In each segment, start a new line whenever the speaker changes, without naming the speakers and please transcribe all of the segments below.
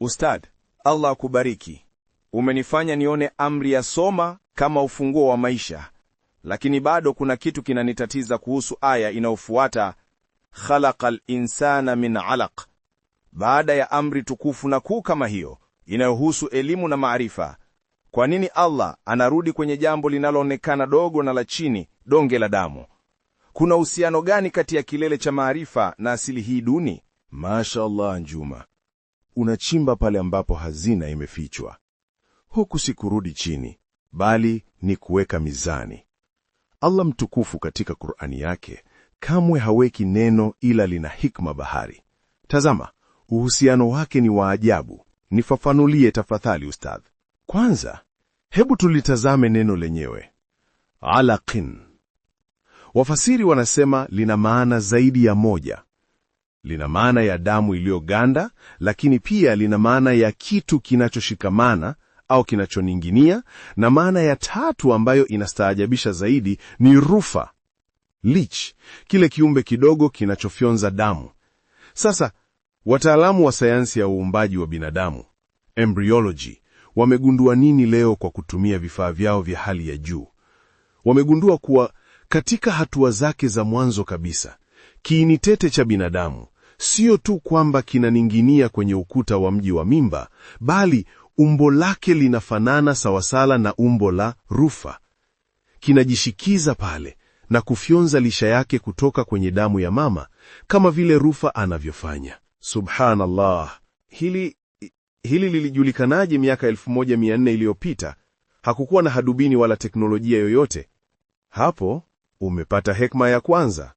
Ustad, Allah akubariki. Umenifanya nione amri ya soma kama ufunguo wa maisha, lakini bado kuna kitu kinanitatiza kuhusu aya inayofuata khalaqal insana min alaq. Baada ya amri tukufu na kuu kama hiyo inayohusu elimu na maarifa, kwa nini Allah anarudi kwenye jambo linaloonekana dogo na la chini, donge la damu? Kuna uhusiano gani kati ya kilele cha maarifa na asili hii duni?
Masha Allah, Njuma, unachimba pale ambapo hazina imefichwa. Huku si kurudi chini, bali ni kuweka mizani. Allah mtukufu katika Kurani yake kamwe haweki neno ila lina hikma bahari. Tazama uhusiano wake ni wa ajabu. Nifafanulie tafadhali ustadh. Kwanza hebu tulitazame neno lenyewe alaqin. Wafasiri wanasema lina maana zaidi ya moja. Lina maana ya damu iliyoganda, lakini pia lina maana ya kitu kinachoshikamana au kinachoning'inia, na maana ya tatu ambayo inastaajabisha zaidi ni rufa, leech, kile kiumbe kidogo kinachofyonza damu. Sasa wataalamu wa sayansi ya uumbaji wa binadamu embryology wamegundua nini leo kwa kutumia vifaa vyao vya hali ya juu? Wamegundua kuwa katika hatua zake za mwanzo kabisa, kiinitete cha binadamu sio tu kwamba kinaninginia kwenye ukuta wa mji wa mimba, bali umbo lake linafanana sawasala na umbo la rufa. Kinajishikiza pale na kufyonza lisha yake kutoka kwenye damu ya mama kama vile rufa anavyofanya.
Subhanallah, hili hili lilijulikanaje miaka 1400 iliyopita? Hakukuwa na hadubini wala teknolojia yoyote. Hapo umepata hekma ya kwanza.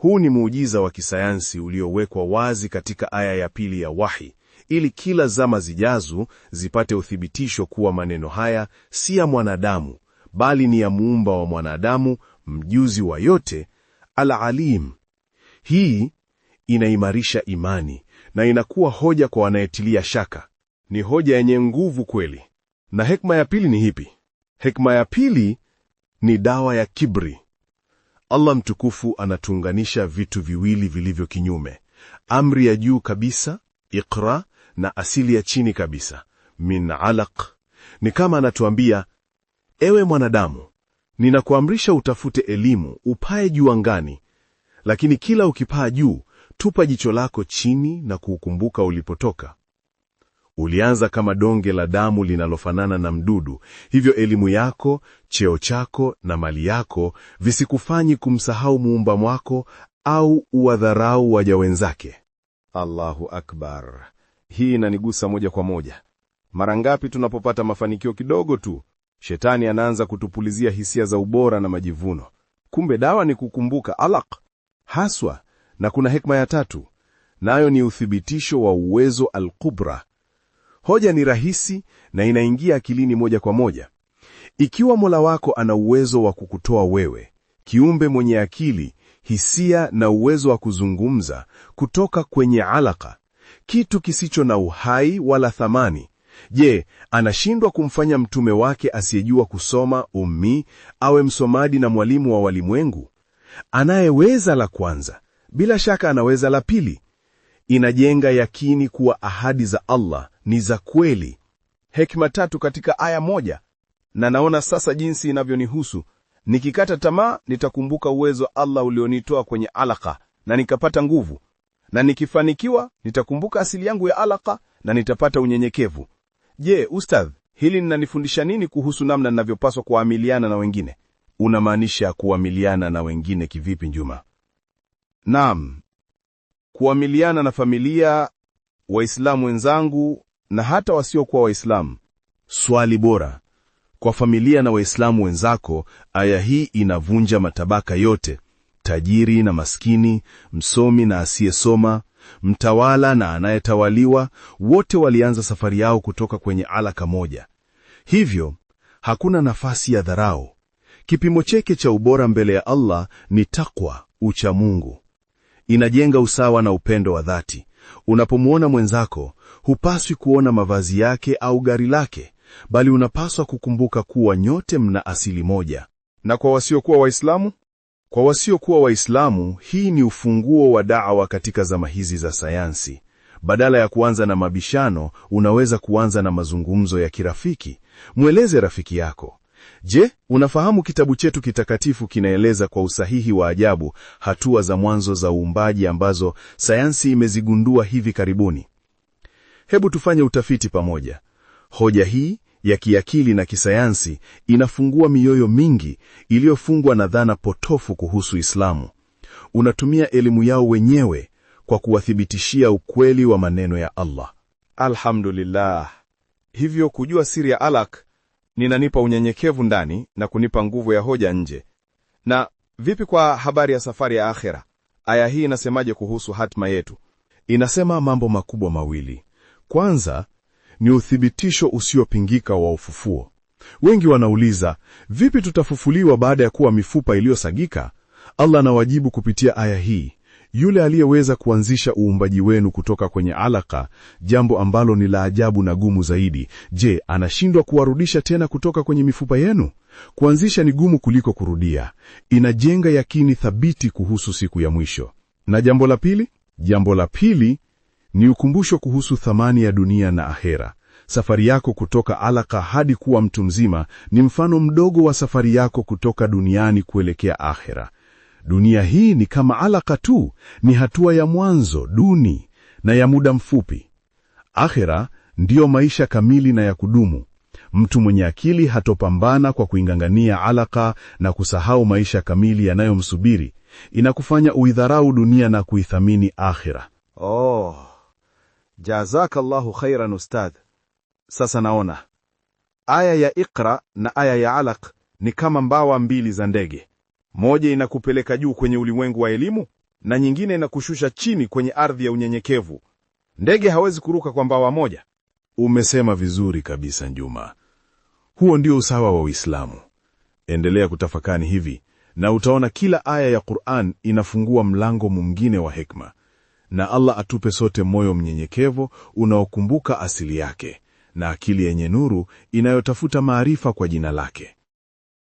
Huu ni muujiza wa kisayansi uliowekwa wazi katika aya ya pili ya Wahi, ili kila zama zijazo zipate uthibitisho kuwa maneno haya si ya mwanadamu, bali ni ya muumba wa mwanadamu, mjuzi wa yote, Al-Alim. Hii inaimarisha imani na inakuwa hoja kwa wanayetilia shaka. Ni hoja yenye nguvu kweli. Na hekima ya pili ni hipi? Hekima ya pili ni dawa ya kibri. Allah mtukufu anatuunganisha vitu viwili vilivyo kinyume: amri ya juu kabisa iqra, na asili ya chini kabisa min alaq. Ni kama anatuambia, ewe mwanadamu, ninakuamrisha utafute elimu, upae juu angani, lakini kila ukipaa juu, tupa jicho lako chini na kuukumbuka ulipotoka. Ulianza kama donge la damu linalofanana na mdudu, hivyo elimu yako, cheo chako na mali yako visikufanyi kumsahau muumba mwako au uwadharau waja wenzake.
Allahu akbar! Hii inanigusa moja kwa moja. Mara ngapi tunapopata mafanikio kidogo tu, shetani anaanza kutupulizia hisia za ubora na majivuno. Kumbe dawa ni kukumbuka alaq haswa, na kuna hekma ya tatu, nayo ni uthibitisho wa uwezo Alqubra. Hoja ni rahisi na inaingia akilini moja kwa moja. Ikiwa Mola wako ana uwezo wa kukutoa wewe, kiumbe mwenye akili, hisia na uwezo wa kuzungumza, kutoka kwenye alaka, kitu kisicho na uhai wala thamani, je, anashindwa kumfanya mtume wake asiyejua kusoma ummi awe msomaji na mwalimu wa walimwengu? Anayeweza la kwanza, bila shaka anaweza la pili. Inajenga yakini kuwa ahadi za Allah ni za kweli. Hekima tatu katika aya moja, na naona sasa jinsi inavyonihusu. Nikikata tamaa nitakumbuka uwezo Allah ulionitoa kwenye alaka na nikapata nguvu, na nikifanikiwa nitakumbuka asili yangu ya alaka na nitapata unyenyekevu. Je, ustadh, hili linanifundisha nini kuhusu namna ninavyopaswa kuamiliana na wengine?
Unamaanisha kuamiliana na wengine kivipi, Njuma? Naam, kuamiliana na familia, Waislamu wenzangu na hata wasiokuwa Waislamu.
Swali bora kwa familia na Waislamu wenzako. Aya hii inavunja matabaka yote, tajiri na maskini, msomi na asiyesoma, mtawala na anayetawaliwa, wote walianza safari yao kutoka kwenye alaka moja. Hivyo hakuna nafasi ya dharau. Kipimo chake cha ubora mbele ya Allah ni takwa, ucha Mungu. Inajenga usawa na upendo wa dhati. Unapomwona mwenzako hupaswi kuona mavazi yake au gari lake, bali unapaswa kukumbuka kuwa nyote mna asili moja.
Na kwa wasiokuwa Waislamu?
Kwa wasiokuwa Waislamu, hii ni ufunguo wa da'wa katika zama hizi za sayansi. Badala ya kuanza na mabishano, unaweza kuanza na mazungumzo ya kirafiki. Mweleze rafiki yako, je, unafahamu kitabu chetu kitakatifu kinaeleza kwa usahihi wa ajabu hatua za mwanzo za uumbaji ambazo sayansi imezigundua hivi karibuni? Hebu tufanye utafiti pamoja. Hoja hii ya kiakili na kisayansi inafungua mioyo mingi iliyofungwa na dhana potofu kuhusu Islamu. Unatumia elimu yao wenyewe kwa kuwathibitishia ukweli wa maneno ya Allah.
Alhamdulillah. Hivyo kujua siri ya Alaq ninanipa unyenyekevu ndani na kunipa nguvu ya hoja nje. Na vipi kwa habari ya safari ya akhera? Aya hii inasemaje kuhusu hatma yetu? Inasema mambo makubwa mawili. Kwanza ni uthibitisho usiopingika wa ufufuo. Wengi wanauliza, vipi tutafufuliwa baada ya kuwa mifupa iliyosagika? Allah anawajibu kupitia aya hii, yule aliyeweza kuanzisha uumbaji wenu kutoka kwenye alaka, jambo ambalo ni la ajabu na gumu zaidi. Je, anashindwa kuwarudisha tena kutoka kwenye mifupa yenu? Kuanzisha ni gumu kuliko kurudia. Inajenga yakini thabiti kuhusu siku ya mwisho. Na jambo la pili,
jambo la pili ni ukumbusho kuhusu thamani ya dunia na ahera. Safari yako kutoka alaka hadi kuwa mtu mzima ni mfano mdogo wa safari yako kutoka duniani kuelekea ahera. Dunia hii ni kama alaka tu, ni hatua ya mwanzo duni na ya muda mfupi. Ahera ndiyo maisha kamili na ya kudumu. Mtu mwenye akili hatopambana kwa kuingangania alaka na kusahau maisha kamili yanayomsubiri. Inakufanya uidharau dunia na kuithamini ahera.
Oh. Jazakallahu khairan ustadh. Sasa naona aya ya Iqra na aya ya Alaq ni kama mbawa mbili za ndege, moja inakupeleka juu kwenye ulimwengu wa elimu na nyingine inakushusha chini kwenye ardhi ya unyenyekevu. Ndege hawezi kuruka kwa mbawa moja.
Umesema vizuri kabisa Njuma, huo ndio usawa wa Uislamu. Endelea kutafakari hivi na utaona kila aya ya Qur'an inafungua mlango mwingine wa hikma na Allah atupe sote moyo mnyenyekevu unaokumbuka asili yake na akili yenye nuru inayotafuta maarifa kwa jina lake.